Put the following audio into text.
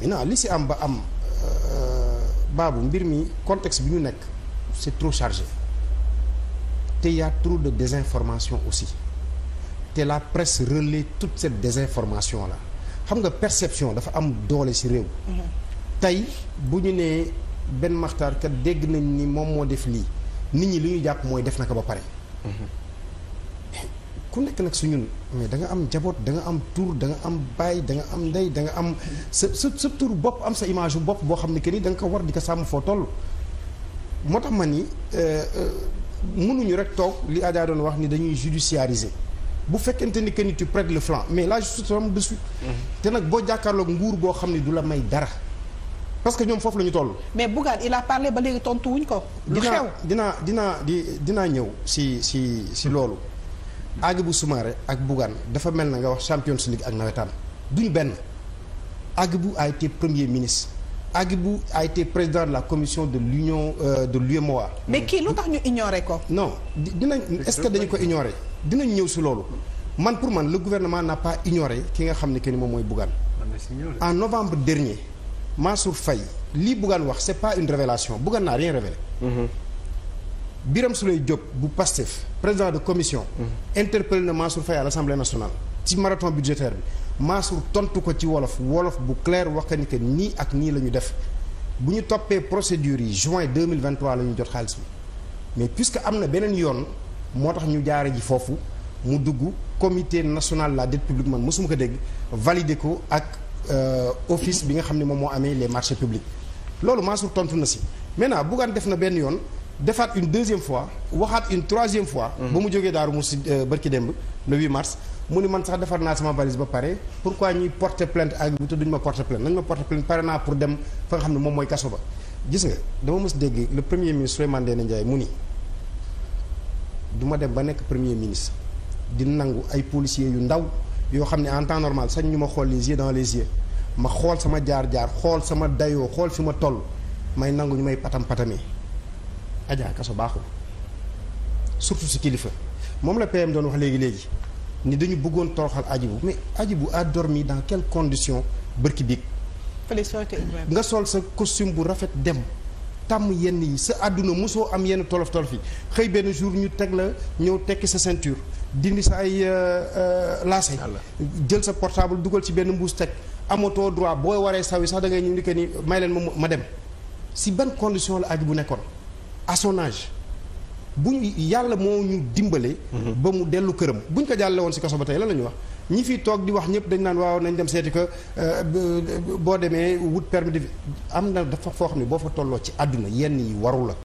maintenant li si am ba am euh, baabu mbir mi contexte bi ñu nekk c'est trop chargé te y a de désinformation aussi te la presse relaie toute cette désinformation la xam nga perception dafa am doole si réew tey bu ñu nee benn maxtaar dégg nañ ni moom moo def lii nit ñi li ñu jàpp mooy def na ko ba pare ku nekk nag su ñun mais danga am njaboot da nga am tur danga am baay da nga am ndey da nga am sa sa sa tur bopp am sa image bopp boo xam ne que ni da nga ko war di ko sàmm foo toll. moo tax ma ni euh, euh, mënuñu rek toog li Adja doon wax ni dañuy judiciariser bu fekkente ni que ni tu prêtes le mais la justice am de mm-hmm. te nag boo jàkkaarloog nguur boo xam ne du la may dara. parce que ñoom foofu la ñu toll. mais Bougane il a parlé ba léegi tontu wuñ ko. lu xew dinaa dina dinaa di dinaa ñëw si si si loolu. bu Soumaré ak Bougane dafa mel na nga wax Champions League ak nawetaan duñ benn bu a été premier ministre bu ay été président de la commission de l'union euh, de l'UEMOA mais kii lu tax ñu ignoré ko non dinañ est-ce que dañu ko ignoré dinañ ñëw si loolu man pour man le gouvernement n'a pas ignoré ki nga xam ne que ni moom mooy Bougane en novembre dernier Mansour fay lii Bougane wax c'est pas une révélation Bougane naa rien révélé mm-hmm. Birame Souleye jóg bu PASTEF président de commission. interpellé na Mansour Faye à l'Assemblée nationale. ci marathon budgétaire bi Mansour tontu ko ci wolof wolof bu clair wax que ni que nii ak nii la ñu def bu ñu toppee procédure yi juin deux mille vingt trois la ñu jot xaalis bi mais puisque am na beneen yoon moo tax ñu jaare ji foofu mu dugg comité national la dette publique man mosuma ko dégg valider ko ak euh, office bi nga xam ne moom moo amee les marché publics loolu Mansour tontu na si maintenant Bougane def na benn yoon. defaat une deuxième fois waxaat une troisième fois. Mhm. ba mu jógee Daaru Musi euh, barki démb le 8 mars. mu ni man sax defar naa sama valise ba pare pourquoi ñuy porter plainte ak bi te duñ ma porter plainte nañ ma porter plainte pare naa pour dem fa nga xam ne moom mooy kaso ba. gis nga dama mës dégg le premier ministre Souleymane Ndéné Ndiaye mu ni du ma dem ba nekk premier ministre di nangu ay policiers yu ndaw yoo xam ne en temps normal sax ñu ma xool les dans les yeux ma xool sama jaar-jaar xool sama dayoo xool fi ma toll may nangu may patam Adja kaso baaxul surtout si kilifa moom la PM doon wax léegi léegi ni dañu bëggoon toroxal Hadjibou mais Hadjibou a dormi dans quelles conditions bërki biig nga sol sa costume bu rafet dem tàmm yenn yi sa àdduna mosoo am yenn tolof tolof yi xëy benn jour ñu teg la ñëw tekki sa ceinture dindi sa ay euh, euh, lacet jël sa portable dugal ci benn mbuus teg amatoo droit booy waree sawi sax da ngay ñu ni que nii may leen ma ma dem si ban condition la Hadjibou nekkoon à bu ñu yàlla moo ñu dimbale. Mhm. ba mu dellu këram bu ñu ko jàlle woon si kaso ba tey lan la ñuy wax ñi fi toog di wax ñëpp dañ naan waaw nañ dem seeti ko euh, boo demee wut permis am na dafa foo xam ne boo fa tolloo ci àdduna yenn yi waru la.